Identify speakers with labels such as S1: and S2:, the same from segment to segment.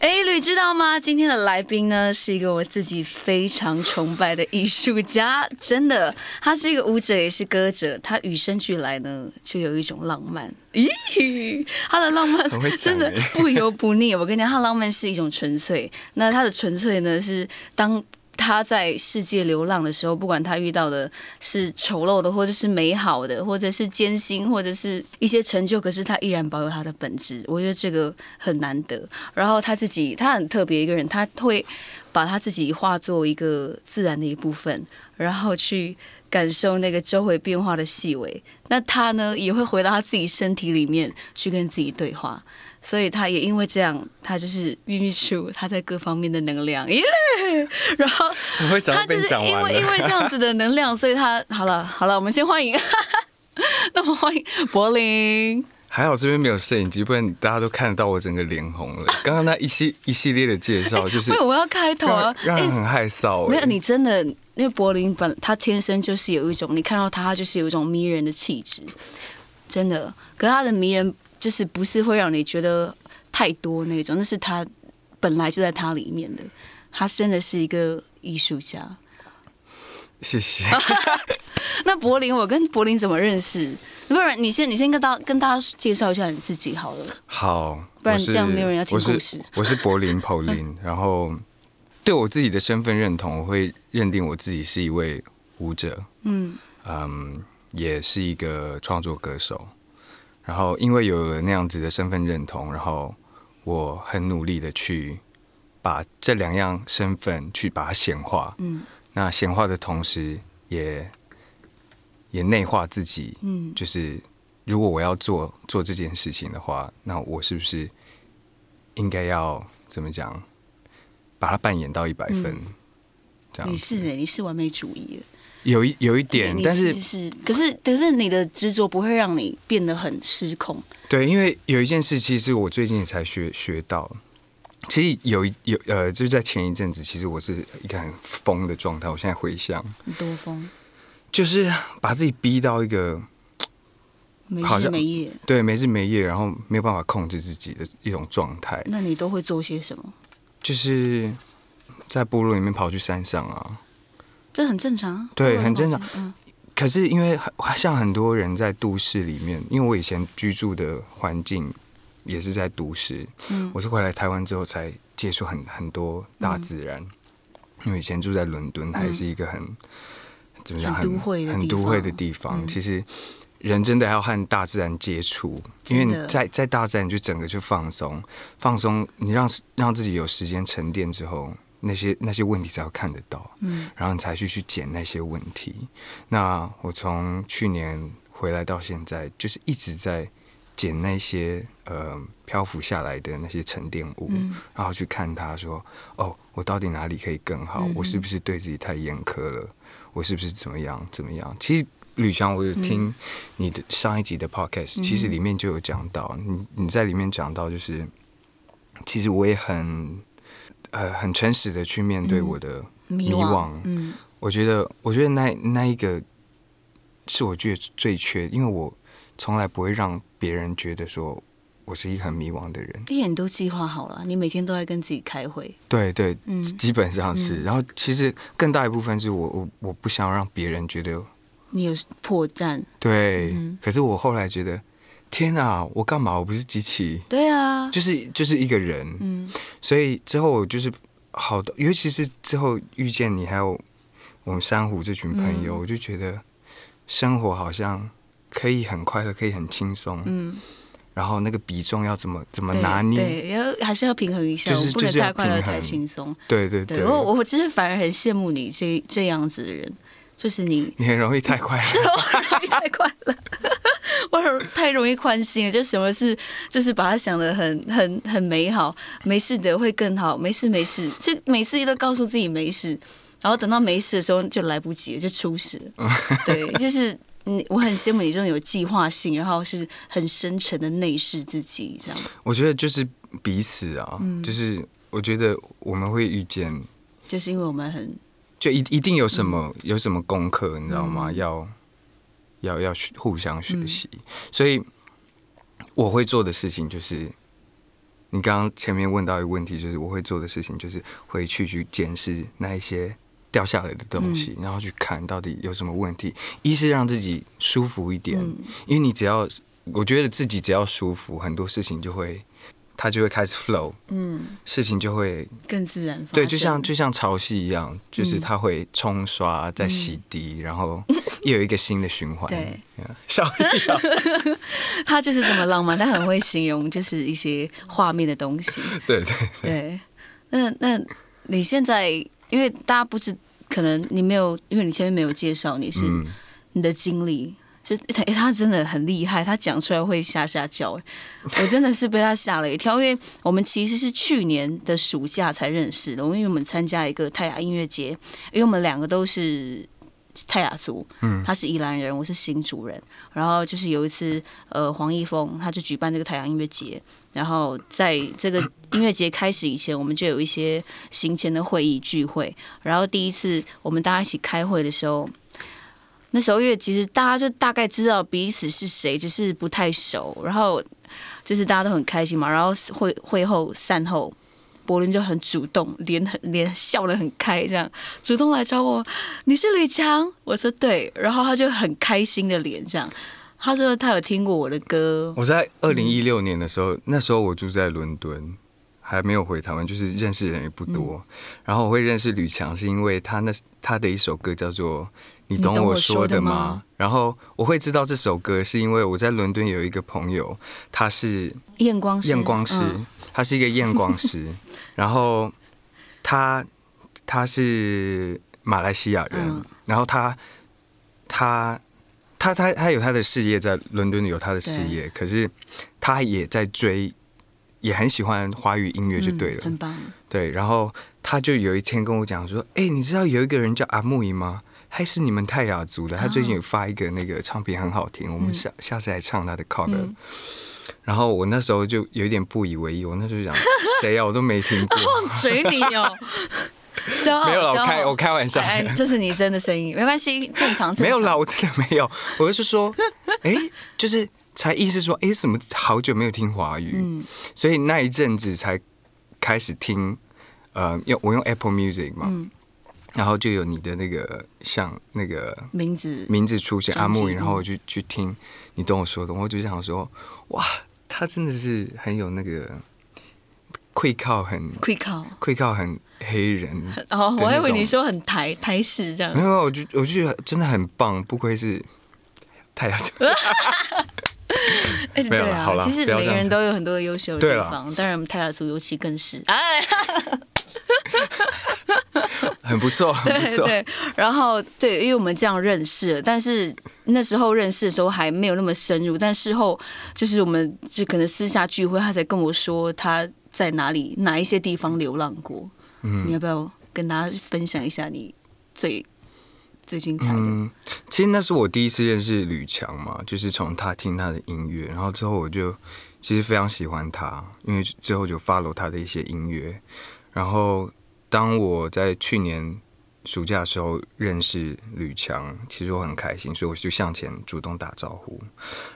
S1: 哎，呂、欸、知道嗎？今天的來賓呢，是一個我自己非常崇拜的藝術家，真的，他是一個舞者，也是歌者。他與生俱來呢，就有一種浪漫。咦，他的浪漫真的不油不膩。我跟你講，他的浪漫是一種純粹。那他的純粹呢，是當。他在世界流浪的時候，不管他遇到的是醜陋的，或者是美好的，或者是艱辛，或者是一些成就，可是他依然保有他的本質。我覺得這個很難得。然後他自己，他很特別一個人，他會把他自己化作一個自然的一部分，然後去感受那個周圍變化的細微。那他呢，也會回到他自己身體裡面去跟自己對話。所以他也因為這樣，他就是孕育出他在各方面的能量，耶！
S2: 然後他就是因為因為這樣子
S1: 的能量，所以他好了好了，我們先歡迎， 那我歡迎
S2: 柏霖。還好這邊沒有攝影機，不然大家都看得到我整個臉紅了。剛剛、啊、那一系一系列的介紹，就是、欸、喂我要
S1: 開頭啊，讓人很
S2: 害臊、欸欸。沒有
S1: 你真的，因為柏霖本他天生就是有一種，你看到他就是有一種迷人的氣質，真的。可他的迷人。就是不是會讓你覺得太多那種，那是他本來就在他裡面的。他真的是一個藝術家。
S2: 謝謝。
S1: 那柏霖，我跟柏霖怎麼認識？不然你先，你先跟大跟大家介紹一下你自己好了。
S2: 好。不然這樣沒有人要聽故事。我是，我是柏霖 PoLin， 然後對我自己的身份認同，我會認定我自己是一位舞者。嗯。嗯，也是一個創作歌手。然後，因為有了那樣子的身份認同，然後我很努力的去把這兩樣身份去把它顯化。嗯，那顯化的同時也，也也內化自己。嗯，就是如果我要做做這件事情的話，那我是不是應該要怎麼講？把它扮演到一百分？嗯，這樣。你
S1: 是誒，你是完美主義。
S2: 有一有一點，okay, 是但
S1: 是可是可是你的執着不會讓你變得很失控。
S2: 對，因為有一件事，其實我最近才學學到。其實有一有呃，就在前一陣子，其實我是一個很瘋的狀態。我現在回想，很多瘋就是把自己逼到一個沒日
S1: 沒夜，
S2: 對，沒日沒夜，然後沒有辦法控制自己的一種狀態。
S1: 那你都會做些什麼？
S2: 就是在部落裡面跑去山上啊。
S1: 這很正常，對，很正常。
S2: 嗯、可是因為像很多人在都市裡面，因為我以前居住的環境也是在都市，嗯、我是回來台灣之後才接觸很很多大自然。嗯、因為以前住在倫敦還是一個很、嗯、怎麼講，很都會很都會的地方，地方，嗯、其實人真的要和大自然接觸，的因為你在在大自然你就整個就放鬆放鬆，你讓讓自己有時間沉澱之後。那些那些問題才會看得到，嗯、然後你才去去撿那些問題。那我從去年回來到現在，就是一直在撿那些呃漂浮下來的那些沉澱物，嗯、然後去看他說：“哦，我到底哪裡可以更好？嗯、哼我是不是對自己太嚴苛了？我是不是怎麼樣怎麼樣？”其實呂薔，我有聽你的上一集的 podcast，、嗯、其實裡面就有講到你你在裡面講到就是，其實我也很。呃，很誠實的去面對我的迷惘。嗯，迷惘嗯、我覺得，我覺得那那一個是我覺得最缺，因為我從來不會讓別人覺得說我是一個很迷惘的人。
S1: 因為你都計劃好了，你每天都在跟自己開會，
S2: 對對，嗯、基本上是。嗯、然後其實更大一部分是我，我我不想讓別人覺得
S1: 你有破綻。
S2: 對，嗯、可是我後來覺得。天啊，我幹嘛？我不是機器。
S1: 對啊，就
S2: 是就是一個人。嗯，所以之後我就是好多，尤其是之後遇見你，還有我們珊瑚這群朋友，嗯、我就覺得生活好像可以很快樂，可以很輕鬆。嗯，然後那個比重要怎麼怎麼拿捏？對，對，
S1: 要還是要平衡一下，就是，就是我不能太快樂，平衡，太輕鬆。
S2: 對，對對對，對
S1: 我我其實反而很羨慕你這這樣子的人，就是你
S2: 你很容易太快樂， 太
S1: 快樂。 我太容易寬心了，就什麼事就是把它想得很很很美好，沒事的會更好，沒事沒事，就每次一都告訴自己沒事，然後等到沒事的時候就來不及了，就出事。
S2: 對，就
S1: 是你，我很羨慕你這種有計劃性，然後是很深沉的內視自己這樣。
S2: 我覺得就是彼此啊，嗯、就是我覺得我們會遇見，
S1: 就是因為我們很
S2: 就一一定有什麼、嗯、有什麼功課，你知道嗎？嗯、要。要要互相學習，所以我會做的事情就是，你剛剛前面問到一個問題，就是我會做的事情就是回去去檢視那一些掉下來的東西，然後去看到底有什麼問題。一是讓自己舒服一點，因為你只要我覺得自己只要舒服，很多事情就會。它就會開始 flow，
S1: 嗯，事情就會更自然。對，就像就
S2: 像潮汐一樣，嗯、就是它會衝刷，再洗滌，嗯、然後又有一個新的循環。對，笑一笑。
S1: 他就是這麼浪漫，他很會形容，就是一些畫面的東西。對對對。對，那那你現在，因為大家不是可能你沒有，因為你前面沒有介紹你是、嗯、你的經歷。就、欸、他真的很厲害，他講出來會嚇嚇叫，我真的是被他嚇了一跳。因為我們其實是去年的暑假才認識的，因為我們參加一個泰雅音樂節，因為我們兩個都是泰雅族，嗯，他是宜蘭人，我是新竹人。然後就是有一次，呃，黃奕峰他就舉辦這個太陽音樂節，然後在這個音樂節開始以前，我們就有一些行前的會議聚會。然後第一次我們大家一起開會的時候。那時候因為其實大家就大概知道彼此是誰，只是不太熟。然後就是大家都很開心嘛。然後會會後散後，柏霖就很主動，臉很臉笑得很開，這樣主動來找我。你是呂薔？我說對。然後他就很開心的臉這樣，他說他有聽過我的歌。我在
S2: 二零一六年的時候，嗯、那時候我住在倫敦，還沒有回台灣，就是認識人也不多。嗯、然後我會認識呂薔，是因為他那他的一首歌叫做。你懂我說的嗎？的嗎然後我會知道這首歌，是因為我在倫敦有一個朋友，他是
S1: 驗光驗光師，光師嗯、
S2: 他是一個驗光師。 然後他他是馬來西亞人，嗯、然後他他他他他有他的事業在倫敦，有他的事業，對可是他也在追，也很喜歡華語音樂，就對了，嗯、很棒。對，然後他就有一天跟我講說：“哎、欸，你知道有一個人叫阿木儀嗎？”還是你們泰雅族的，他最近有發一個那個唱片很好聽，嗯、我們下下次來唱他的 cover、嗯。然後我那時候就有點不以為意，我那時候就講誰啊，我都沒聽過。水底
S1: 鳥，哦、 沒有老啦好開我開玩笑、哎，這是女生的聲音，沒關係，正常。正常沒有啦，
S2: 我真的沒有。我就是說，哎、欸，就是才意思說，哎、欸，怎麼好久沒有聽華語？嗯、所以那一陣子才開始聽，呃，用我用 Apple Music 嘛。嗯然後就有你的那個像那個名字、名字出現阿木，然後我就去聽，你懂我說的，我就想說，哇，他真的是很有那個愧靠、很愧靠、愧靠、很黑人哦，
S1: 我還以為你說很台、台式這樣。沒有，
S2: 我就我就覺得真的很棒，不愧是泰雅族。
S1: 沒有啊，好了，其實每人都有很多優秀的地方，當然泰雅族尤其更是。哎。
S2: 很不錯，很不錯，對，對，
S1: 然後對，因為我們這樣認識了，但是那時候認識的時候還沒有那麼深入，但事後就是我們就可能私下聚會，他才跟我說他在哪裡哪一些地方流浪過。嗯，你要不要跟大家分享一下你最最精彩的、嗯？
S2: 其實那是我第一次認識呂薔嘛，就是從他聽他的音樂，然後之後我就其實非常喜歡他，因為之後就 follow 他的一些音樂。然後，當我在去年暑假的時候認識呂薔，其實我很開心，所以我就向前主動打招呼。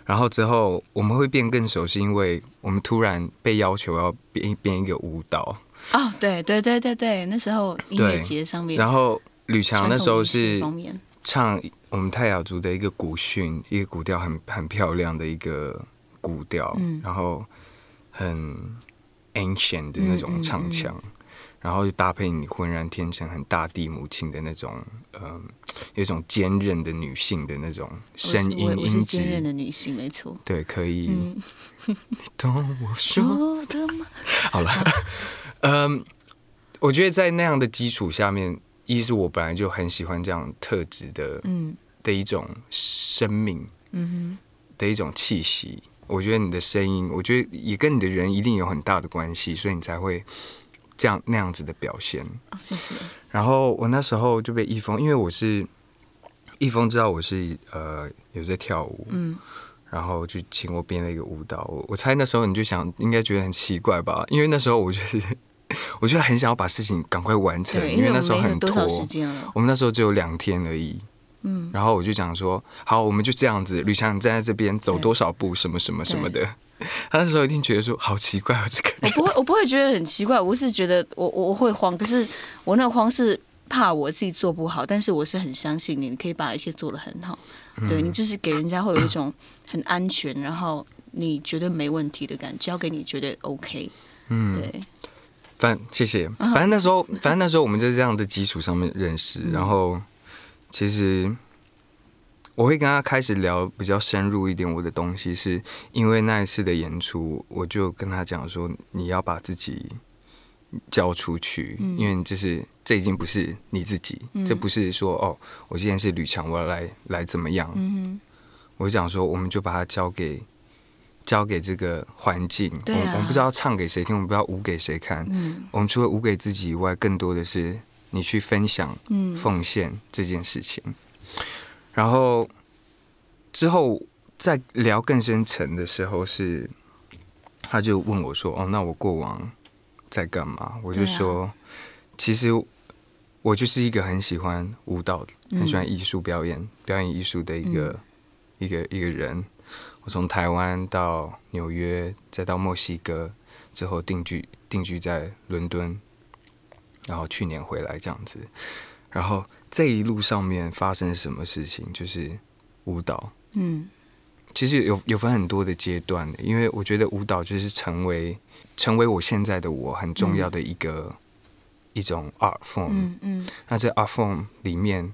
S2: 然後之後我們會變更熟，是因為我們突然被要求要編編一個舞蹈。
S1: 哦、oh,，對對對對對，那時候音樂節上面。然後呂薔那時候是
S2: 唱我們泰雅族的一個古訓，一個古調很很漂亮的一個古調，嗯、然後很 ancient 的那種唱腔。嗯嗯嗯嗯然後就搭配你渾然天成、很大地母親的那種，嗯，有一種堅韌的女性的那種聲音音質。我是堅韌
S1: 的女性，沒錯。對，可以。嗯、 你懂我說的嗎？
S2: 好了，好嗯，我覺得在那樣的基礎下面，一是我本來就很喜歡這樣特質的，嗯，的一種生命，嗯
S3: 哼，
S2: 的一種氣息。我覺得你的聲音，我覺得也跟你的人一定有很大的關係，所以你才會。這樣那樣子的表現，謝謝、哦。是是，然後我那時候就被易峰，因為我是易峰知道我是呃有在跳舞，
S3: 嗯，
S2: 然後就請我編了一個舞蹈。我我猜那時候你就想，應該覺得很奇怪吧？因為那時候我就是我就很想要把事情趕快完成，對因為那時候很拖。多少時間了，我們那時候只有兩天而已，嗯。然後我就講說，好，我們就這樣子，呂強你站在這邊，走多少步，對什麼什麼什麼的。他那時候一定覺得說好奇怪，哦。這個人。
S1: 我不會，我不會覺得很奇怪。我是覺得我，我我會慌。可是我那個慌是怕我自己做不好。但是我是很相信你，你可以把一切做得很好。嗯、對，你就是給人家會有一種很安全， 然後你絕對沒問題的感覺，交給你絕對 OK。嗯，對。
S2: 反謝謝，反正那時候，反正那時候我們在這樣的基礎上面認識。嗯、然後其實。我會跟他開始聊比較深入一點我的東西，是因為那一次的演出，我就跟他講說，你要把自己交出去，因為這是這已經不是你自己，這不是說哦，我今天是呂薔，我要來來怎麼樣？我就講說，我們就把它交給交給這個環境，我們不知道唱給誰聽，我們不知道舞給誰看，我們除了舞給自己以外，更多的是你去分享、奉獻這件事情。然後，之後在聊更深層的時候是，是他就問我說：“哦，那我過往在幹嘛？”我就說：“啊、其實我就是一個很喜歡舞蹈、很喜歡藝術表演、嗯、表演藝術的一個、嗯、一個一個人。我從台灣到紐約，再到墨西哥，之後定居定居在倫敦，然後去年回來這樣子。”然後這一路上面發生了什麼事情？就是舞蹈，嗯，其實有有分很多的階段的，因為我覺得舞蹈就是成為成為我現在的我很重要的一個、嗯、一種 art form，嗯嗯，嗯那這 art form 裡面，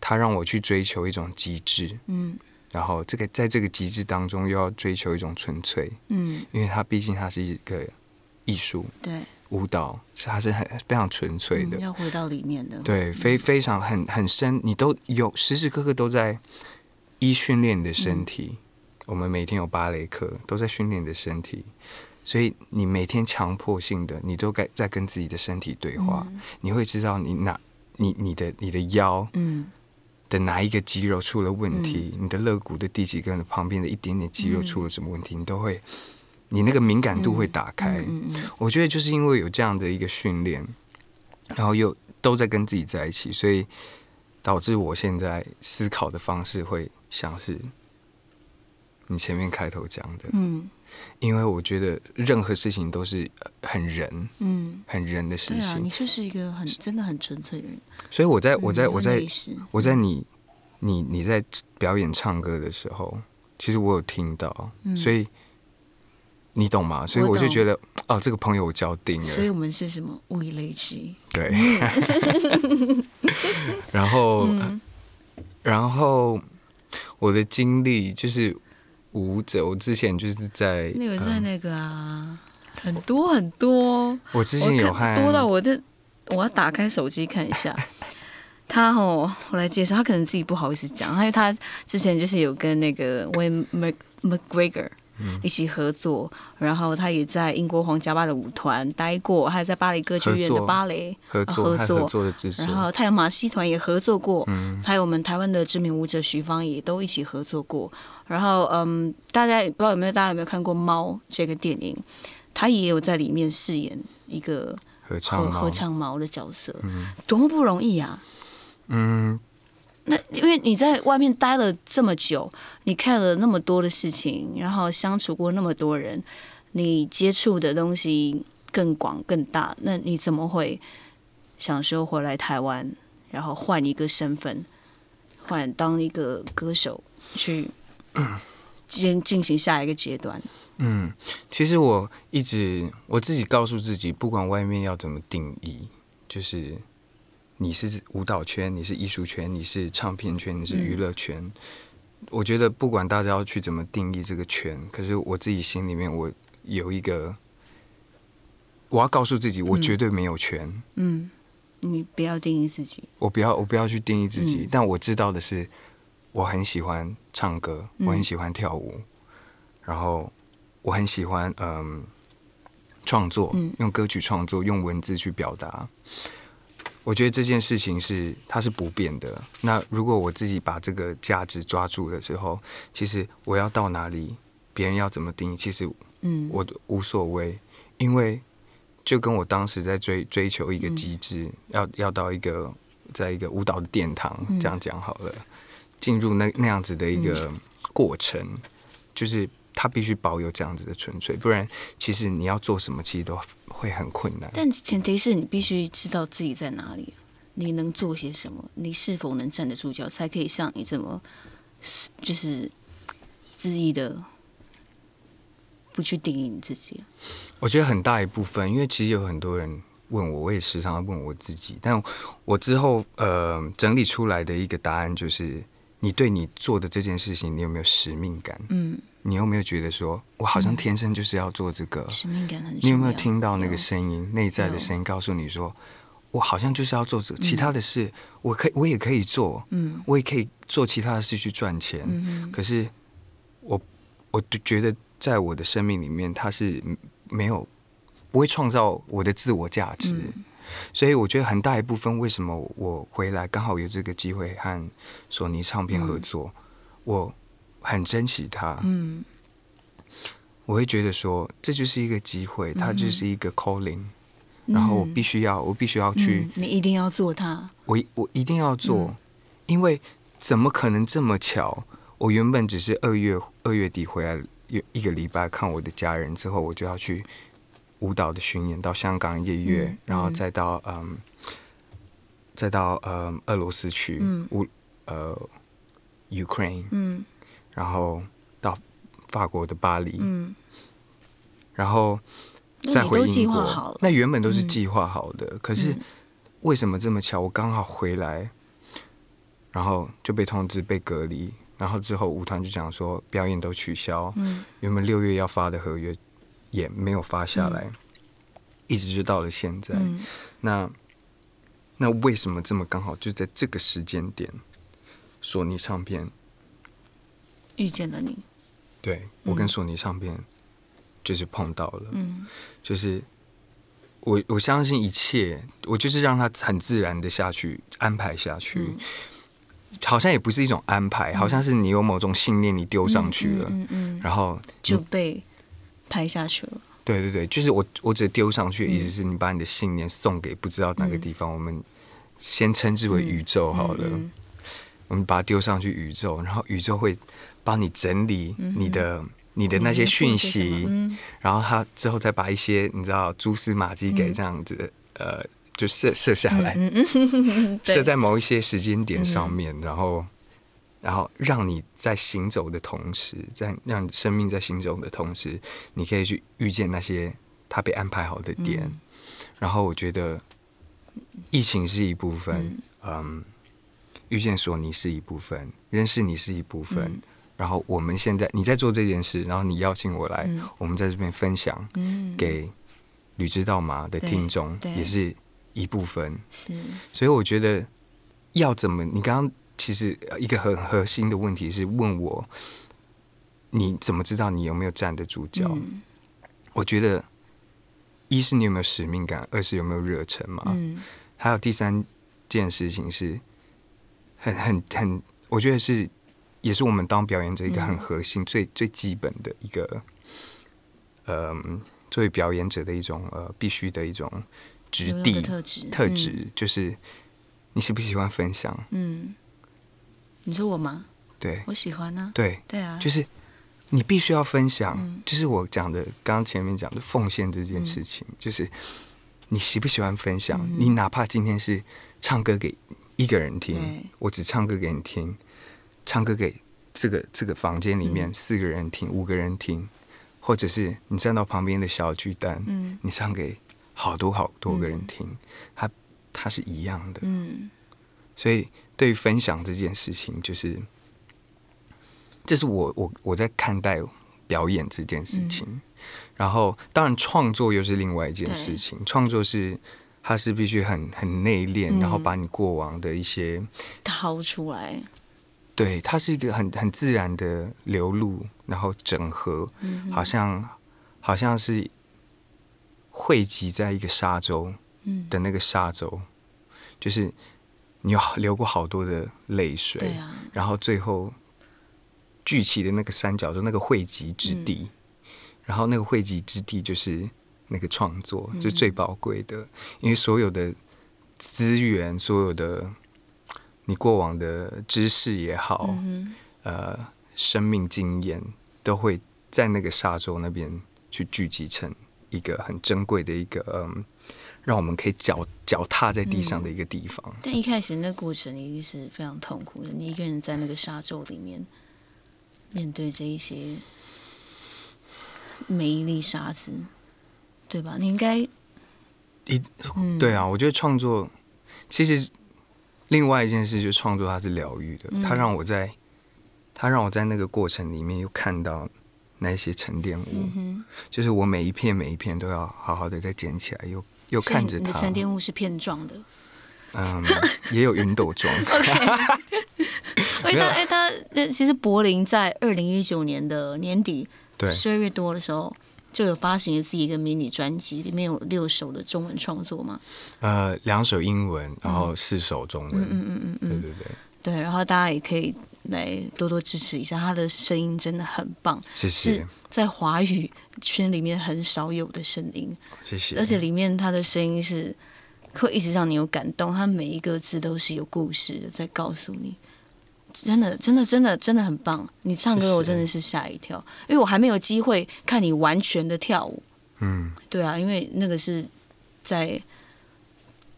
S2: 它讓我去追求一種極致，嗯，然後這個在這個極致當中又要追求一種純粹，嗯，因為它畢竟它是一個藝術，對。舞蹈是它是很非常純粹的、
S1: 嗯，要回到裡面的對，非
S2: 非常很很深，你都有時時刻刻都在一訓練你的身體。嗯、我們每天有芭蕾課，都在訓練你的身體，所以你每天強迫性的，你都該在跟自己的身體對話。嗯、你會知道你哪你你的你的腰嗯的哪一個肌肉出了問題，嗯、你的肋骨的第幾根旁邊的一點點肌肉出了什麼問題，嗯、你都會。你那個敏感度會打開，我覺得就是因為有這樣的一個訓練，然後又都在跟自己在一起，所以導致我現在思考的方式會像是你前面開頭講的，因為我覺得任何事情都是很人，很人的事情。
S1: 你就是一個很真的很純粹的人。
S2: 所以我在，我在我在，我在你，你你在表演唱歌的時候，其實我有聽到，所以。你懂嗎？所以我就覺得，懂哦，這個朋友我交定了。所以我
S1: 們是什麼？物以類聚。對。
S2: 然後，然後我的經歷就是舞者，我之前就是在那個在
S1: 那個啊，嗯、很多很多。我之前有看多到我的，我要打開手機看一下。他哦，我來介紹他，可能自己不好意思講，還有他之前就是有跟那個 Wayne McGregor。嗯、一起合作，然後他也在英國皇家芭的舞團待過，還有在巴黎歌劇院的芭蕾合作，作然後他也有馬戲團也合作過，嗯、還有我們台灣的知名舞者徐芳也都一起合作過。然後，嗯，大家也不知道有沒有，大家有沒有看過《貓》這個電影，他也有在裡面飾演一個合，
S3: 合唱貓合唱
S1: 毛的角色，嗯、多麼不容易啊！嗯。因為你在外面待了這麼久，你看了那麼多的事情，然後相處過那麼多人，你接觸的東西更廣更大，那你怎麼會想說回來臺灣，然後換一個身份，換當一個歌手去進進行下一個階段？嗯，
S2: 其實我一直我自己告訴自己，不管外面要怎麼定義，就是。你是舞蹈圈，你是藝術圈，你是唱片圈，你是娛樂圈。嗯，我覺得不管大家要去怎麼定義這個圈，可是我自己心裡面，我有一個，我要告訴自己，我絕對沒有圈。嗯，
S1: 嗯，你不要定義自己。
S2: 我不要，我不要去定義自己。嗯，但我知道的是，我很喜歡唱歌，我很喜歡跳舞，嗯，然後我很喜歡嗯，呃，創作，嗯，用歌曲創作，用文字去表達。我覺得這件事情是它是不變的。那如果我自己把這個價值抓住的時候，其實我要到哪裡，別人要怎麼定義，其實
S3: 嗯，我
S2: 無所謂，嗯、因為就跟我當時在追追求一個極致，嗯、要要到一個在一個舞蹈的殿堂、嗯、這樣講好了，進入那那樣子的一個過程，嗯、就是。他必須保有這樣子的純粹，不然其實你要做什麼，其實都會很困難。但
S1: 前提是你必須知道自己在哪裡啊，你能做些什麼，你是否能站得住腳，才可以像你這麼就是恣意的不去定義你自己啊。
S2: 我覺得很大一部分，因為其實有很多人問我，我也時常要問我自己，但我之後呃整理出來的一個答案就是：你對你做的這件事情，你有沒有使命感？嗯。你有沒有覺得說，我好像天生就是要做這個？你有沒有聽到那個聲音，內在的聲音告訴你說，我好像就是要做這個？其他的事，我可以我也可以做，嗯，我也可以做其他的事去賺錢。可是，我，我覺得在我的生命裡面，它是沒有不會創造我的自我價值。所以，我覺得很大一部分，為什麼我回來剛好有這個機會和索尼唱片合作，我。很珍惜它，
S3: 嗯，
S2: 我會覺得說這就是一個機會，它就是一個 calling，嗯、
S1: 然後我
S2: 必須要，我必須要去，嗯、
S1: 你一定要做它，
S2: 我我一定要做，嗯、因為怎麼可能這麼巧？我原本只是二月二月底回來一一個禮拜看我的家人之後，我就要去舞蹈的巡演，到香港一個月，嗯、然後再到嗯，um, 再到呃、um, 俄羅斯去烏呃 Ukraine，嗯。呃 Ukraine，嗯然後到法國的巴黎，
S3: 嗯、
S2: 然後再回英國。都都那原本都是計劃好的，嗯、可是為什麼這麼巧？我剛好回來，然後就被通知被隔離，然後之後舞團就講說表演都取消。嗯、原本六月要發的合約也沒有發下來，嗯、一直就到了現在。嗯、那那為什麼這麼剛好就在這個時間點？索尼唱片。遇見了你，對，我跟索尼唱片就是碰到
S1: 了，
S2: 就是我我相信一切，我就是讓它很自然的下去安排下去，好像也不是一種安排，好像是你有某種信念，你丟上去了，然後就
S1: 被拍下去了。
S2: 對對對，就是我我只丟上去，意思是你把你的信念送給不知道哪個地方，我們先稱之為宇宙好了，我們把它丟上去宇宙，然後宇宙會。幫你整理你的你的，你的那些訊息，嗯、然後他之後再把一些你知道蛛絲馬跡給這樣子，嗯、呃，就設設下來，
S3: 設、嗯嗯、在
S2: 某一些時間點上面，嗯、然後，然後讓你在行走的同時，在讓生命在行走的同時，你可以去遇見那些他被安排好的點。嗯、然後我覺得，疫情是一部分，嗯，嗯，遇見索尼是一部分，認識你是一部分。嗯然後我們現在你在做這件事，然後你邀請我來，嗯、我們在這邊分享給呂知道嗎的聽眾，也是一部分。是，所以我覺得要怎麼？你剛剛其實一個很核心的問題是問我，你怎麼知道你有沒有站得住腳？嗯、我覺得一是你有沒有使命感，二是有沒有熱忱嘛。嗯、還有第三件事情是很很很，我覺得是。也是我們當表演者，一個很核心、最最基本的一個，嗯，作為表演者的一種呃，必須的一種質地特質。特質就是你喜不喜歡分享？嗯，
S1: 你說我嗎？對，我喜歡啊。對對啊，就
S2: 是你必須要分享，就是我講的剛剛前面講的奉獻這件事情，就是你喜不喜歡分享？你哪怕今天是唱歌給一個人聽，我只唱歌給你聽。唱歌給這個這個房間裡面四個人聽，嗯、五個人聽，或者是你站到旁邊的小巨蛋，嗯、你唱給好多好多個人聽，嗯、它它是一樣的，嗯、所以對於分享這件事情、就是，就是這是我我我在看待表演這件事情。嗯、然後當然創作又是另外一件事情，創對作是它是必須很很內斂，嗯、然後把你過往的一些
S1: 掏出來。
S2: 對，它是一個很很自然的流露，然後整合，嗯、哼好像好像是匯集在一個沙洲，的那個沙洲，嗯、就是你流過好多的淚水，對啊，然後最後聚集的那個三角洲，那個匯集之地，嗯、然後那個匯集之地就是那個創作，嗯、哼就是最寶貴的，因為所有的資源，所有的。你過往的知識也好，嗯、哼呃，生命經驗都會在那個沙洲那邊去聚集成一個很珍貴的一個，嗯，讓我們可以腳腳踏在地上的一個地方。嗯、但
S1: 一開始那過程一定是非常痛苦的，你一個人在那個沙洲裡面面對這一些每一粒沙子，對吧？你應該、嗯、
S2: 一，對啊，我覺得創作其實。另外一件事，就創作它是療癒的，它、嗯、讓我在，它讓我在那個過程裡面又看到那些沉澱物，嗯、哼就是我每一片每一片都要好好的再撿起來，又又看着它。你的沉澱
S1: 物是片狀的，嗯，
S2: 也有雲朵狀。 OK，哎他哎他，
S1: 他他其實柏霖在二零一九年的年底，對十二月多的時候。就有發行了自己一個迷你專輯，裡面有六首的中文創作嘛？
S2: 呃，兩首英文，然後四首中文。嗯嗯嗯嗯嗯，對
S1: 對對。對，然後大家也可以來多多支持一下，他的聲音真的很棒。謝謝。是在華語圈裡面很少有的聲音。謝謝。而且裡面他的聲音是會一直讓你有感動，他每一個字都是有故事的在告訴你。真的，真的，真的，真的很棒！你唱歌，我真的是嚇一跳，是因為我還沒有機會看你完全的跳舞。嗯，對啊，因為那個是在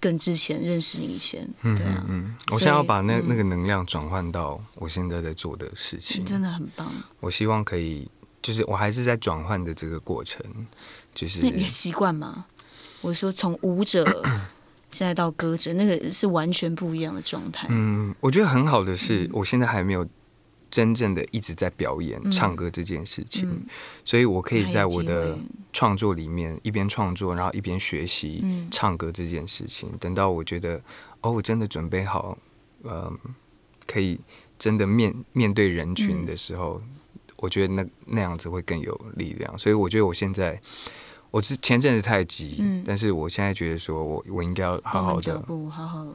S1: 更之前認識你以前，嗯、對啊，
S2: 嗯，以我現在要把那那個能量轉換到我現在在做的事情，嗯、真的很棒。我希望可以，就是我還是在轉換的這個過程，就是那你也習
S1: 慣嗎？我說從舞者。 現在到歌者，那個是完全不一樣的狀態。嗯，
S2: 我覺得很好的是，嗯、我現在還沒有真正的一直在表演、唱歌這件事情，嗯嗯、所以我可以在我的創作裡面一邊創作，然後一邊學習唱歌這件事情。嗯、等到我覺得哦，我真的準備好，嗯、呃，可以真的面面對人群的時候，嗯、我覺得那那樣子會更有力量。所以我覺得我現在。我之前陣子太急，嗯、但是我現在覺得說我，我我應該要好好的，慢慢步
S1: 好好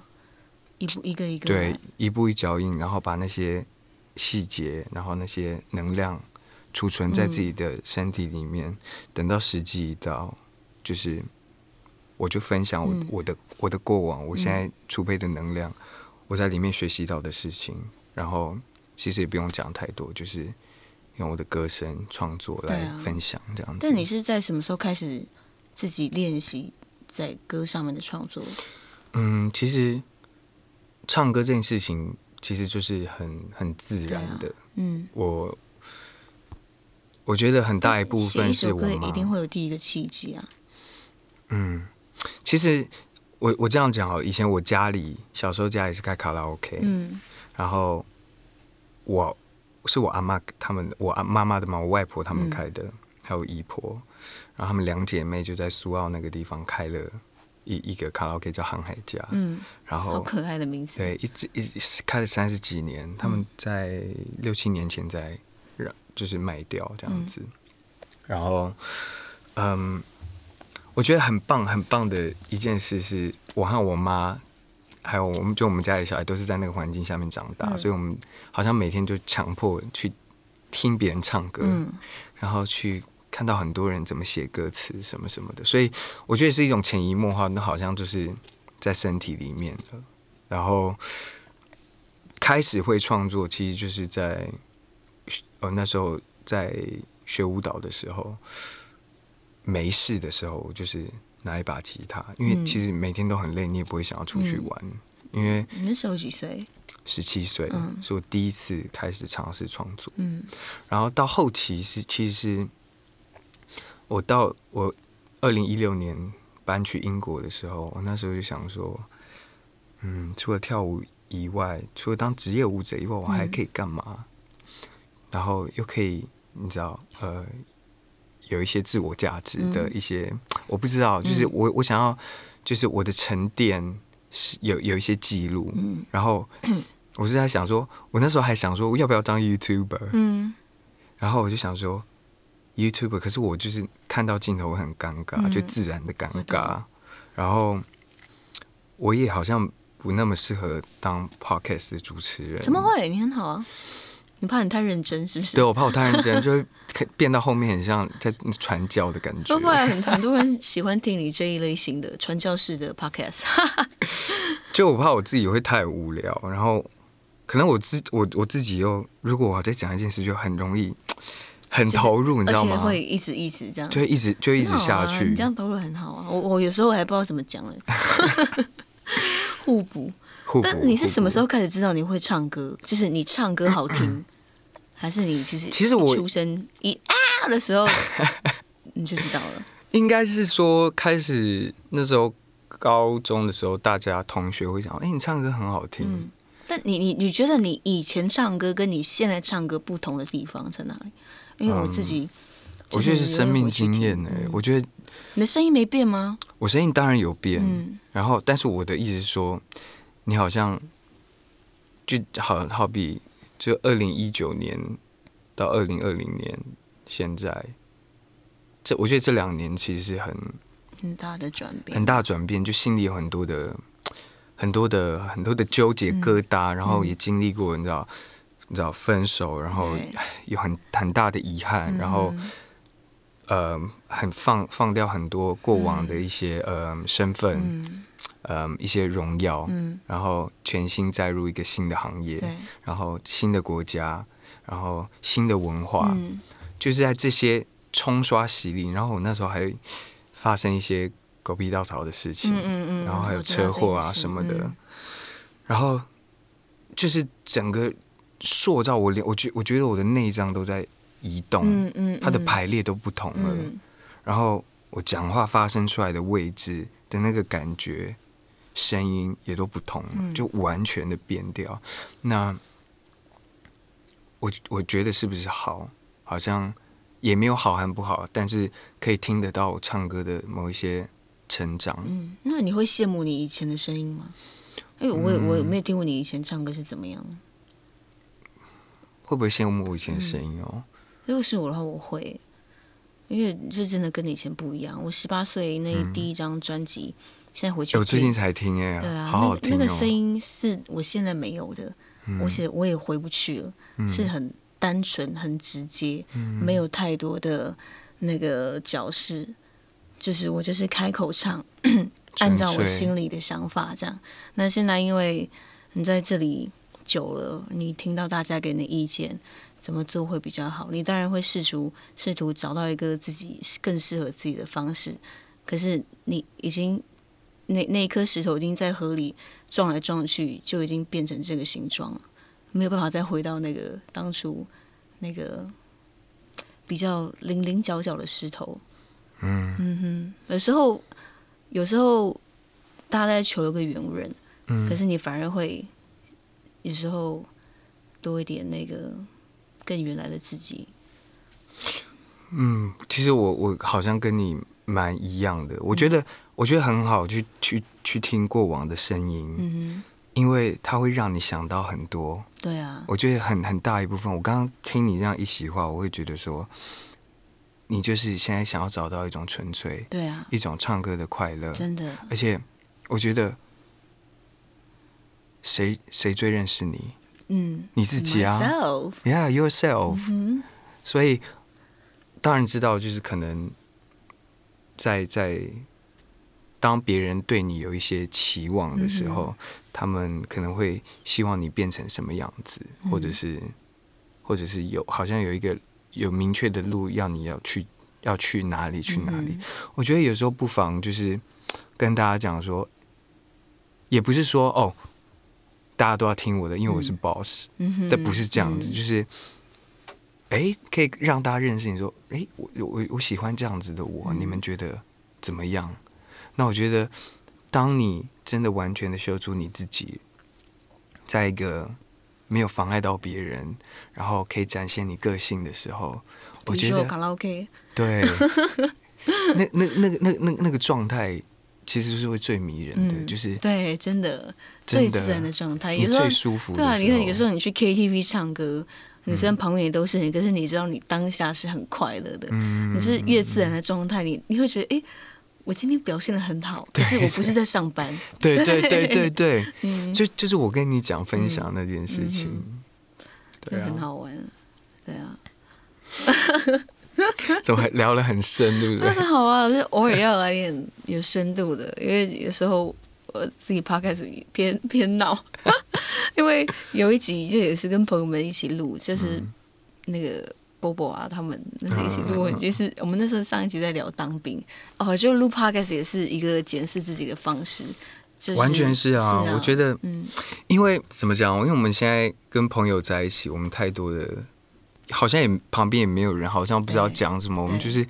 S1: 一步一個一個對，
S2: 一步一腳印，然後把那些細節，然後那些能量儲存在自己的身體裡面，嗯、等到時機一到，就是我就分享我、嗯、我的我的過往，我現在儲備的能量，嗯、我在裡面學習到的事情，然後其實也不用講太多，就是。用我的歌聲創作來分享這樣子、啊。但
S1: 你是在什麼時候開始自己練習在歌上面的創作？嗯，
S2: 其實唱歌這件事情其實就是很很自然的。啊、嗯，我我覺得很大一部分是我的。我、嗯、寫一首歌一,一定
S1: 會有第一個契機啊。嗯，
S2: 其實我我這樣講哦，以前我家裡小時候家裡是開卡拉 OK，
S1: 嗯，
S2: 然後我。是我阿媽他們，我阿媽媽的嘛，我外婆他們開的，嗯、還有姨婆，然後他們兩姐妹就在蘇澳那個地方開了一一個卡拉 OK 叫航海家，嗯，然後好可愛的名字。對，一直一直開了三十幾年，他們在六七年前在，就是賣掉這樣子，嗯、然後，嗯，我覺得很棒很棒的一件事是，我和我媽。還有，我們就我們家裡的小孩都是在那個環境下面長大，嗯、所以我們好像每天就強迫去聽別人唱歌，
S3: 嗯、
S2: 然後去看到很多人怎麼寫歌詞什麼什麼的，所以我覺得是一種潛移默化，那好像就是在身體裡面的。然後開始會創作，其實就是在呃、哦、那時候在學舞蹈的時候，沒事的時候就是。拿一把吉他，因為其實每天都很累，你也不會想要出去玩，嗯、因為。你
S1: 那時候幾歲？
S2: 十七歲，是我第一次開始嘗試創作。嗯，然後到後期是，其實我到我二零一六年搬去英國的時候，我那時候就想說，嗯，除了跳舞以外，除了當職業舞者以外，我還可以幹嘛？嗯、然後又可以，你知道，呃。有一些自我價值的一些，嗯、我不知道，就是我我想要，就是我的沉澱是有有一些記錄，嗯、然後我是在想說，我那時候還想說，我要不要當 YouTuber？、嗯、然後我就想說 YouTuber，可是我就是看到鏡頭，很尷尬，嗯、就自然的尷尬，然後我也好像不那麼適合當 Podcast 的主持人。怎麼
S1: 會？你很好啊。怕你太認真是不是？對，我怕我太認真，就會
S2: 變到後面很像在傳教的感覺。說過
S1: 很多人喜歡聽你這一類型的傳教式的 Podcast。
S2: 就我怕我自己會太無聊，然後可能我自我我自己又，如果我再講一件事，就很容易很投入，這個、你知道嗎？會
S1: 一直一直這樣，就會一直就會一直下去。啊、你這樣投入很好啊，我我有時候我還不知道怎麼講呢、欸。 互補補，
S2: 互補，但你是什麼
S1: 時候開始知道你會唱歌？嗯、就是你唱歌好聽。 還是你其實其實我出生一啊的時候 你就知道了，
S2: 應該是說，開始那時候高中的時候，大家同學會想：「哎，你唱歌很好聽。嗯、
S1: 但你你你覺得你以前唱歌跟你現在唱歌不同的地方在哪裡？因為我自己、嗯、
S2: 我覺得是生命經驗呢。嗯、我覺得
S1: 你的聲音沒變嗎？
S2: 我聲音當然有變，嗯、然後但是我的意思是說，你好像就好好比。就二零一九年到二零二零年，現在這我覺得這兩年其實是很
S1: 很大的轉變，很大
S2: 轉變，就心裡有很多的很多的很多的糾結疙瘩，嗯、然後也經歷過，你知道，你知道分手，然後有很對很大的遺憾，然後。嗯呃，很放放掉很多過往的一些、嗯、呃身份，嗯、呃一些榮耀，嗯、然後全新載入一個新的行業，對然後新的國家，然後新的文化，嗯、就是在這些沖刷洗禮。然後我那時候還發生一些狗屁倒灶的事情，嗯嗯嗯、
S3: 然後還有車禍啊什麼的，嗯、
S2: 然後就是整個塑造我，連我覺我覺得我的內臟都在。移動，它的排列都不同了，嗯嗯、然後我講話發聲出來的位置的那個感覺，聲音也都不同了，嗯、就完全的變掉。那我我覺得是不是好，好像也沒有好還不好，但是可以聽得到我唱歌的某一些成長。嗯、
S1: 那你會羨慕你以前的聲音嗎？哎，我有，我沒有聽過你以前唱歌是怎麼樣，嗯、
S2: 會不會羨慕我以前的聲音哦？嗯
S1: 如果是我的話，我會，因為這真的跟你以前不一樣。我十八歲那一、嗯、第一張專輯，現在回去、欸、我最近才
S2: 聽哎、欸啊，對啊，好好聽哦、那那、那個聲
S1: 音是我現在沒有的，而且、嗯、我、我也回不去了。是很單純、很直接，嗯、沒有太多的那個角色。嗯、就是我就是開口唱， 按照我心裡的想法這樣。純粹、那現在因為你在這裡久了，你聽到大家給你的意見。怎麼做會比較好？你當然會試圖試圖找到一個自己更適合自己的方式。可是你已經那那一顆石頭已經在河裡撞來撞去，就已經變成這個形狀了，沒有辦法再回到那個當初那個比較稜稜角角的石頭。嗯、嗯哼，有時候有時候大家在求一個圓潤，嗯、可是你反而會有時候多一點那個。跟原來的自己，
S2: 嗯，其實我我好像跟你蠻一樣的，我覺得我覺得很好去去去聽過往的聲音，嗯
S3: 哼，
S2: 因為它會讓你想到很多，
S3: 對啊，我
S2: 覺得很很大一部分，我剛剛聽你這樣一席話，我會覺得說，你就是現在想要找到一種純粹，對啊，一種唱歌的快樂，真的，而且我覺得，誰誰最認識你？嗯，mm, 你自己啊，Yeah，yourself。所以當然知道，就是可能在在當別人對你有一些期望的時候，mm hmm. 他們可能會希望你變成什麼樣子，mm hmm. 或者是或者是有好像有一個有明確的路要你要去要去哪裡去哪裡。Mm hmm. 我覺得有時候不妨就是跟大家講說，也不是說哦。大家都要聽我的，因為我是 boss，嗯嗯、但不是這樣子，嗯、就是，哎、欸，可以讓大家認識你說，哎、欸，我我我喜歡這樣子的我，嗯、你們覺得怎麼樣？那我覺得，當你真的完全的秀出你自己，在一個沒有妨礙到別人，然後可以展現你個性的時候，我覺得卡拉 OK，對，那那那，那，那，那，那個那那那個狀態。其實是會最迷人的，就是
S1: 對，真的最自然的狀態，也是最舒服的。對啊，你看有時候你去 KTV 唱歌，你雖然旁邊也都是人，可是你知道你當下是很快樂的。嗯，你是越自然的狀態，你你會覺得哎，我今天表現的很好，可是我不是在上班。對對對對對，
S2: 就就是我跟你講分享那件事情，對，很
S1: 好玩，對啊。
S2: 怎麼還聊了很深，對不對？那
S1: 啊、好啊，就偶爾要來點有深度的， 因為有時候我自己 Podcast 偏偏鬧， 因為有一集就也是跟朋友們一起錄，就是那個波波啊，他們那一起錄。就是其實我們那時候上一集在聊當兵，哦、嗯，就錄 Podcast 也是一個檢視自己的方式，就是完全是啊，是啊我覺
S2: 得，嗯，因為怎麼講？因為我們現在跟朋友在一起，我們太多的。好像也旁邊也沒有人，好像不知道講什麼。對我們就是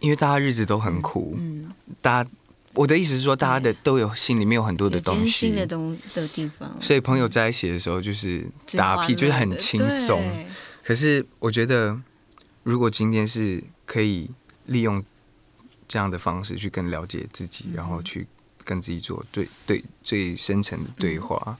S2: 因為大家日子都很苦，嗯對，大家我的意思是說，大家的對都有心裡面有很多的東西，新的東
S1: 西的地方。所
S2: 以朋友在一起的時候，就是打屁，就是很輕鬆。對可是我覺得，如果今天是可以利用這樣的方式去更了解自己，嗯、哼然後去。跟自己做最對，對最深層的對話，嗯、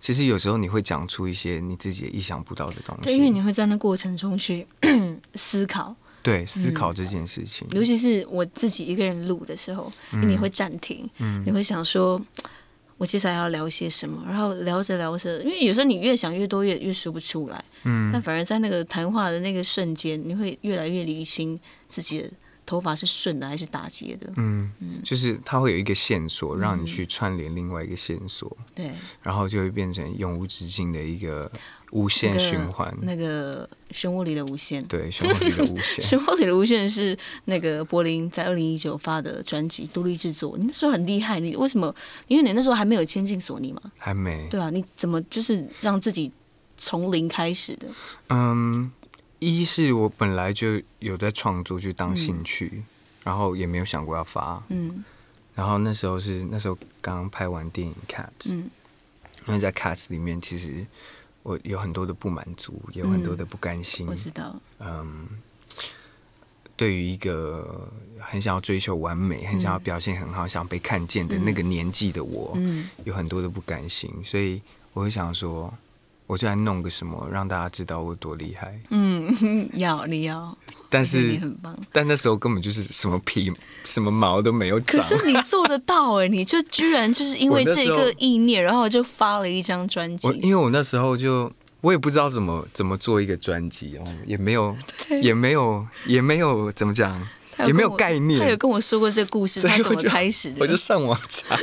S2: 其實有時候你會講出一些你自己也意想不到的東西。對，
S1: 因為你會在那個過程中去 思考，
S2: 對、嗯、思考這件事情。尤
S1: 其是我自己一個人錄的時候，嗯、你會暫停，嗯、你會想說，我接下來要聊些什麼？然後聊着聊着，因為有時候你越想越多越，越越說不出來。嗯、但反而在那個談話的那個瞬間，你會越來越理清自己的。頭髮是順的還是打結的？嗯，嗯
S2: 就是它會有一個線索，讓你去串聯另外一個線索，對、嗯，然後就會變成永無止境的一個無限循環，那個、那
S1: 個、漩渦裡的
S2: 無限，對，漩渦裡的無限， 漩
S1: 渦裡的無限是那個柏霖在二零一九發的專輯，獨立製作，你那時候很厲害，你為什麼？因為你那時候還沒有簽進索尼嘛，
S2: 還沒。對
S1: 啊，你怎麼就是讓自己從零開始的？嗯。
S2: 一是我本來就有在創作，去當興趣，嗯、然後也沒有想過要發。嗯，然後那時候是那時候剛剛拍完電影《Cats》、嗯，因為在《Cats》裡面，其實我有很多的不滿足，有很多的不甘心。嗯嗯、我知道，嗯，對於一個很想要追求完美、嗯、很想要表現很好、嗯、想要被看見的那個年紀的我，嗯，有很多的不甘心，所以我會想說。我就來弄個什麼，讓大家知道我多厲害。
S1: 嗯，要你要，
S2: 但是你很棒，但那時候根本就是什麼皮什麼毛都沒有長。可是你
S1: 做得到哎， 你就居然就是因為這個意念，然後就發了一張專輯。因
S2: 為我那時候就我也不知道怎麼怎麼做一個專輯哦，也沒有 對也沒有也沒有怎麼講，他有 也沒有概念他有。他有
S1: 跟我說過這個故事， 他怎麼開始的，我就，我就
S2: 上網查。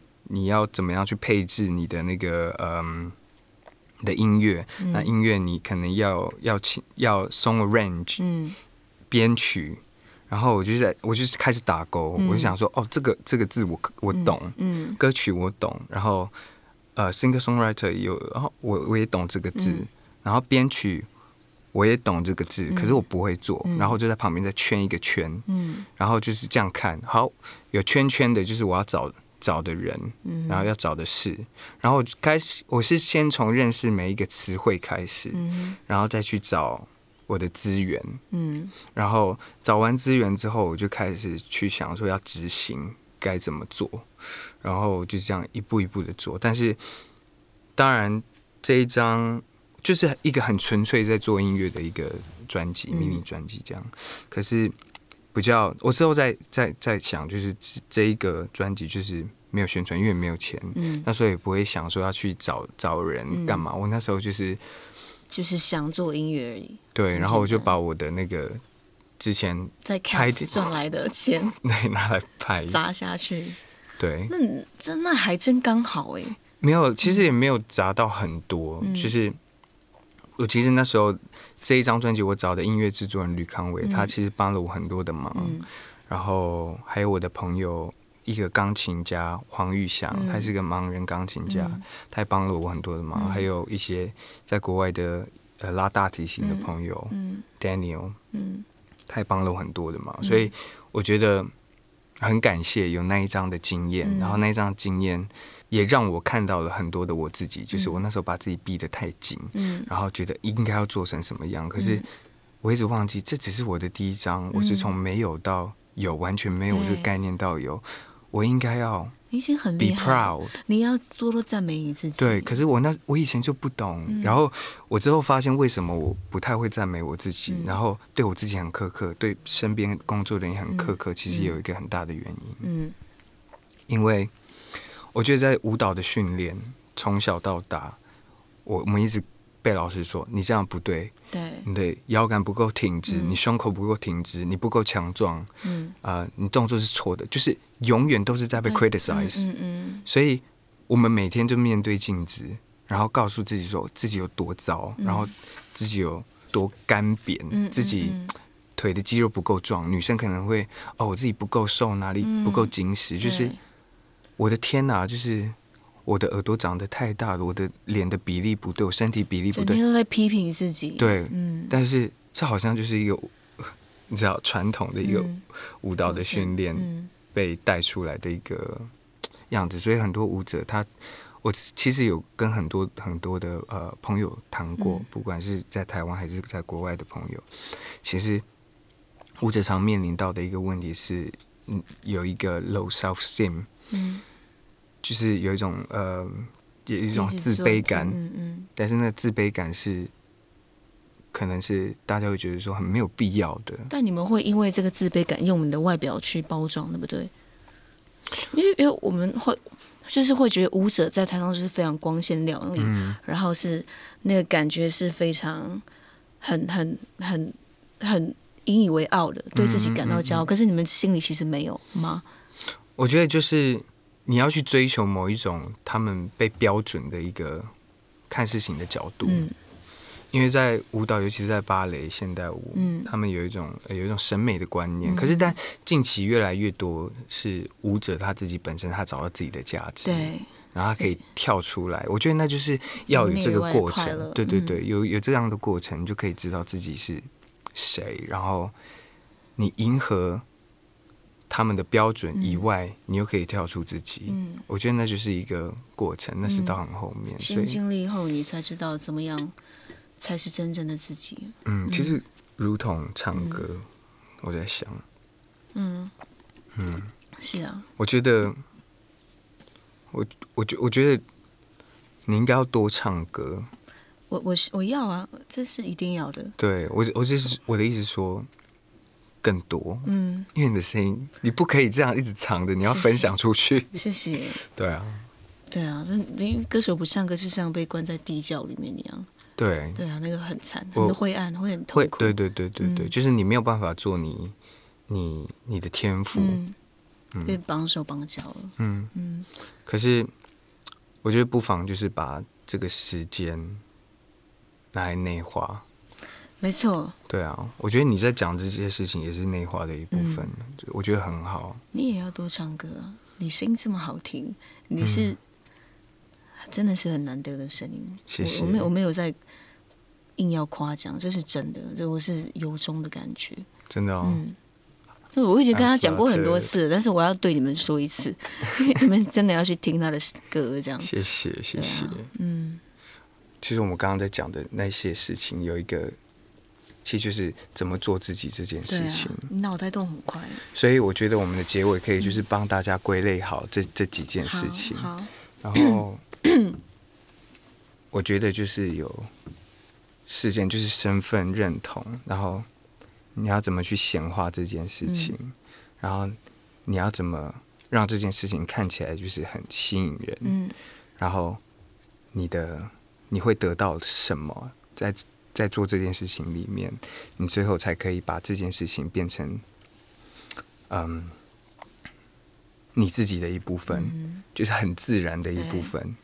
S2: 你要怎麼樣去配置你的那個嗯的音樂？嗯、那音樂你可能要要請要 song arrange 編、嗯、曲，然後我就在我就是開始打勾，嗯、我就想說哦，這個這個字我我懂，嗯嗯、歌曲我懂，然後呃，singer songwriter 有，然、哦、後我我也懂這個字，嗯、然後編曲我也懂這個字，嗯、可是我不會做，嗯、然後就在旁邊再圈一個圈，嗯，然後就是這樣看好有圈圈的，就是我要找，找的人，然後要找的事，嗯、哼然後開始我是先從認識每一個詞彙開始，嗯、哼然後再去找我的資源，嗯，然後找完資源之後，我就開始去想說要執行該怎麼做，然後就這樣一步一步的做。但是，當然這一張就是一個很純粹在做音樂的一個專輯，嗯、迷你專輯這樣。可是。比較，我之後在在在想，就是這一個專輯就是沒有宣傳，因為沒有錢。嗯、那時候也不會想說要去找找人幹嘛。嗯、我那時候就是
S1: 就是想做音樂而已。對，然後我就
S2: 把我的那個之前拍賺
S1: 來的錢，
S2: 對，拿來拍砸下去。對，
S1: 那真那還真剛好哎、
S2: 欸，沒有，其實也沒有砸到很多，嗯、就是。我其實那時候這一張專輯，我找的音樂製作人呂康偉，他其實幫了我很多的忙。嗯、然後還有我的朋友，一個鋼琴家黃裕翔，嗯、他是一個盲人鋼琴家，嗯、他也幫了我很多的忙。嗯、還有一些在國外的呃拉大提琴的朋友 Daniel，他也幫了我很多的忙。嗯、所以我覺得很感謝有那一張的經驗，嗯、然後那一張經驗。也讓我看到了很多的我自己，就是我那時候把自己逼得太緊，然後覺得應該要做成什麼樣。可是我一直忘記，這只是我的第一章，我是從沒有到有，完全沒有這個概念到有，我應該要。
S1: 你已經很厲害。Be proud，你要多多讚美你自己。對，
S2: 可是我那我以前就不懂，然後我之後發現為什麼我不太會讚美我自己，然後對我自己很苛刻，對身邊工作的人也很苛刻，其實有一個很大的原因，嗯，因為。我覺得在舞蹈的訓練，從小到大，我我們一直被老師說，你這樣不對，對你的腰桿不夠挺直，嗯、你胸口不夠挺直，你不夠強壯，嗯啊、呃，你動作是錯的，就是永遠都是在被 criticize，、嗯嗯嗯、所以我們每天就面對鏡子，然後告訴自己說自己有多糟，然後自己有多乾扁，嗯、自己腿的肌肉不夠壯，女生可能會哦，我自己不夠瘦，哪裡不夠緊實，嗯、就是。我的天啊，就是我的耳朵長得太大了，我的臉的比例不對，我身體比例不對，整天都
S1: 在批評自己。對，嗯、
S2: 但是這好像就是一個你知道傳統的一個舞蹈的訓練被帶出來的一個樣子，嗯 okay, 嗯、所以很多舞者他，我其實有跟很多很多的呃朋友談過，嗯、不管是在台灣還是在國外的朋友，其實舞者常面臨到的一個問題是，嗯，有一個 low self-esteem，、嗯就是有一種呃，有一種自卑感，嗯嗯，但是那自卑感是，可能是大家會覺得說很沒有必要的。
S1: 但你們會因為這個自卑感用我們的外表去包裝，對不對？因為因為我們會就是會覺得舞者在台上就是非常光鮮亮麗，嗯，然後是那個感覺是非常很很很很引以為傲的，對自己感到驕傲。嗯嗯嗯嗯。可是你們心裡其實沒有嗎？
S2: 我覺得就是。你要去追求某一種他們被標準的一個看事情的角度，嗯、因為在舞蹈，尤其是在芭蕾、現代舞，嗯、他們有一種、欸、有一種審美的觀念。嗯、可是，但近期越來越多是舞者他自己本身，他找到自己的價值，對然後他可以跳出來。是我覺得那就是要有這個過程，對對對，有有這樣的過程，就可以知道自己是誰，然後你迎合他們的標準以外，嗯、你又可以跳出自己。嗯，我覺得那就是一個過程，那是到很後面。經
S1: 歷後，你才知道怎麼樣才是真正的自己。嗯，嗯其實，
S2: 如同唱歌，嗯、我在想，嗯，嗯，
S1: 是
S2: 啊，我我。我覺得，我我覺我覺得，你應該要多唱歌。
S1: 我我是我要啊，這是一定要的。
S2: 對，我我就是我的意思說。更多，
S1: 嗯，
S2: 因為你的聲音，你不可以這樣一直藏着，你要分享出去。
S1: 謝謝。 對啊，對啊，因為歌手不唱歌，就像被關在地窖裡面一樣。
S2: 對，對啊，
S1: 那個很慘，我很灰暗，會很
S2: 痛苦。對對對對對，嗯、就是你沒有辦法做你你你的天賦，嗯，嗯被
S1: 綁手綁腳了。嗯嗯，嗯
S2: 可是我覺得不妨就是把這個時間拿來內化。沒錯，對啊，我覺得你在講這些事情也是內化的一部分，我覺得很好。
S1: 你也要多唱歌啊！你聲音這麼好聽，你是真的是很難得的聲音。謝謝。我沒有我沒有在硬要誇獎，這是真的，這我是由衷的感覺。真的哦。嗯。那我已經跟他講過很多次了，但是我要對你們說一次，你們真的要去聽他的歌，這樣。謝謝謝謝，嗯。其
S2: 實我們剛剛在講的那些事情，有一個。其實就是怎麼做自己這件事情。啊、
S1: 你腦袋動很快，
S2: 所以我覺得我們的結尾可以就是幫大家歸類好這這幾件事情。然後我覺得就是有事件，就是身份認同，然後你要怎麼去顯化這件事情，嗯、然後你要怎麼讓這件事情看起來就是很吸引人，嗯、然後你的你會得到什麼在？在做這件事情裡面，你最後才可以把這件事情變成，嗯，你自己的一部分，嗯、就是很自然的一部分。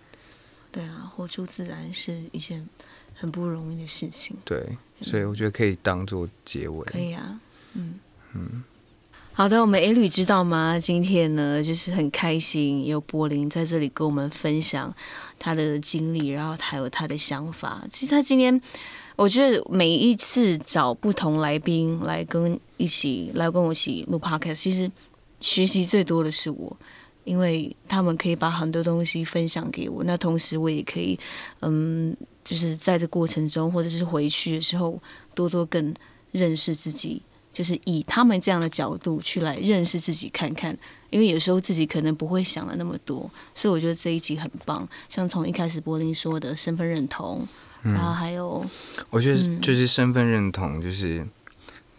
S1: 對啊，活出自然是一件很不容易的事情。對，嗯、所以我
S2: 覺得可以當做結尾。可以啊，
S1: 嗯嗯。好的，我們 A 呂知道嗎？今天呢，就是很開心，有柏霖在這裡跟我們分享他的經歷，然後他有他的想法。其實他今天。我覺得每一次找不同來賓來跟一起來跟我一起錄 podcast，其實學習最多的是我，因為他們可以把很多東西分享給我。那同時我也可以，嗯，就是在這過程中，或者是回去的時候，多多更認識自己，就是以他們這樣的角度去來認識自己看看。因為有時候自己可能不會想了那麼多，所以我覺得這一集很棒。像從一開始柏霖說的身份認同。.然後還有、
S2: 嗯，我覺得就是身份認同，就是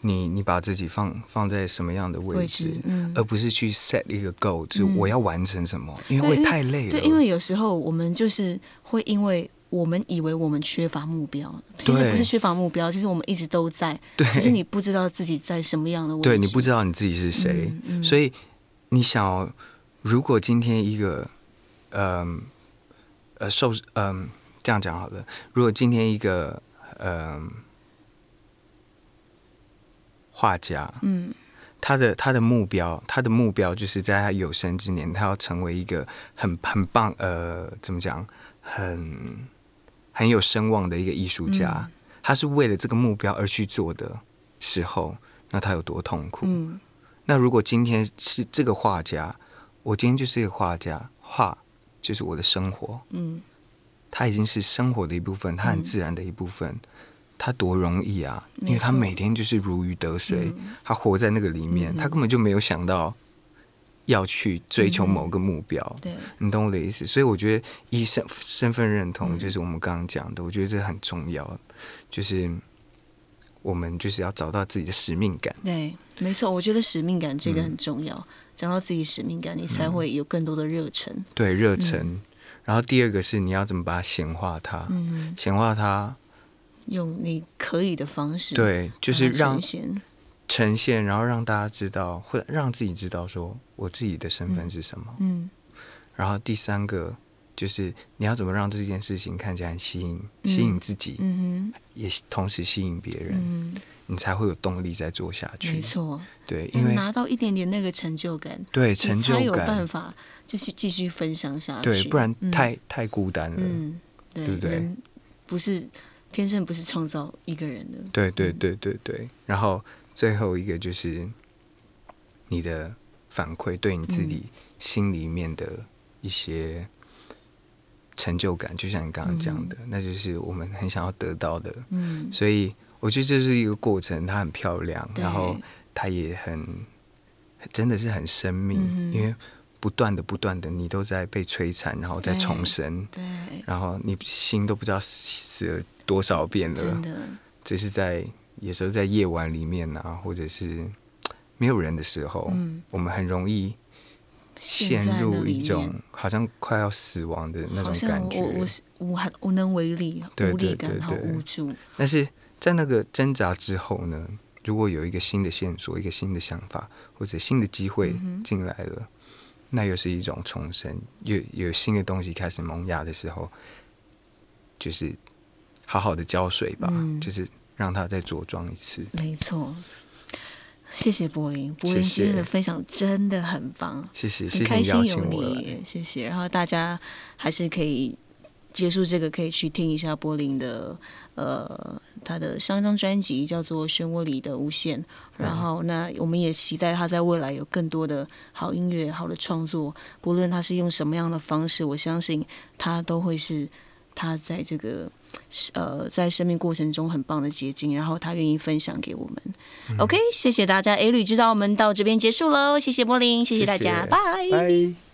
S2: 你、嗯、你把自己放放在什麼樣的位置，位置，嗯、而不是去 set 一個 goal，就是我要完成什麼，嗯、因為太累了，對。對，因
S1: 為有時候我們就是會因為我們以為我們缺乏目標，其實不是缺乏目標，就是我們一直都在，就對是你不知道自己在什麼樣的位置，對對，你不知
S2: 道你自己是誰，嗯嗯、所以你想、哦，如果今天一個，嗯、呃，呃，受，嗯、呃。這樣講好了。如果今天一個嗯、呃、畫家，嗯，他的他的目標，他的目標就是在他有生之年，他要成為一個很很棒呃，怎麼講，很很有聲望的一個藝術家。嗯、他是為了這個目標而去做的時候，那他有多痛苦？嗯、那如果今天是這個畫家，我今天就是一個畫家，畫就是我的生活，嗯。他已經是生活的一部分，他很自然的一部分，他、嗯、多容易啊！沒錯，因為他每天就是如魚得水，他、嗯、活在那個裡面，他、嗯、根本就沒有想到要去追求某個目標。對、嗯，你懂我的意思。所以我覺得以身身份認同，就是我們剛剛講的，嗯、我覺得這很重要。就是我們就是要找到自己的使命感。
S1: 對，沒錯，我覺得使命感這個很重要。找、嗯、到自己使命感，你才會有更多的熱忱。
S2: 對，熱忱。嗯然後第二個是你要怎麼把它顯化它，顯化它、嗯、顯化
S1: 它，用你可以的方式，對，
S2: 就是讓呈現，呈現，然後讓大家知道，或者讓自己知道說我自己的身份是什麼。嗯，然後第三個就是你要怎麼讓這件事情看起來吸引，嗯、吸引自己，
S1: 嗯、
S2: 也同時吸引別人。嗯你才會有動力再做下去，沒錯，對，因為拿
S1: 到一點點那個成就感，對，成就感，才有辦法繼續繼續分享下去，對，不然太
S2: 太孤單了，對不對？
S1: 不是天生不是創造一個人的，對對對對對。
S2: 然後最後一個就是你的反饋對你自己心裡面的一些成就感，就像你剛剛講的，那就是我們很想要得到的，嗯，所以。我覺得這是一個過程，它很漂亮，對然後它也很，真的是很生命，嗯、哼因為不斷的、不斷的，你都在被摧殘，然後再重生，對，對然後你心都不知道死,死了多少遍了。真的，只是在有時候在夜晚裡面啊，或者是沒有人的時候，嗯、我們很容易陷入一種好像快要死亡的那種感覺，我我我
S1: 無無能為力，對對對對對無力感，好無助。
S2: 但是。在那個掙扎之後呢，如果有一個新的線索、一個新的想法或者新的機會進來了，嗯、哼那又是一種重生，又有，有新的東西開始萌芽的時候，就是好好的澆水吧，嗯、就是讓它再茁壯一次。
S1: 沒錯，謝謝柏霖，柏霖今天謝的分享真的很棒，
S2: 謝謝，很開心你邀請有你，
S1: 謝謝。然後大家還是可以。結束這個，可以去聽一下柏霖的，呃，他的上一張專輯叫做《漩渦裡的無限》。嗯、然後，那我們也期待他在未來有更多的好音樂、好的創作，不論他是用什麼樣的方式，我相信他都會是他在這個呃在生命過程中很棒的結晶。然後，他願意分享給我們。嗯、OK，謝謝大家，A 呂知道我們到這邊結束了，謝謝柏霖，謝謝大家，拜拜
S3: 謝。Bye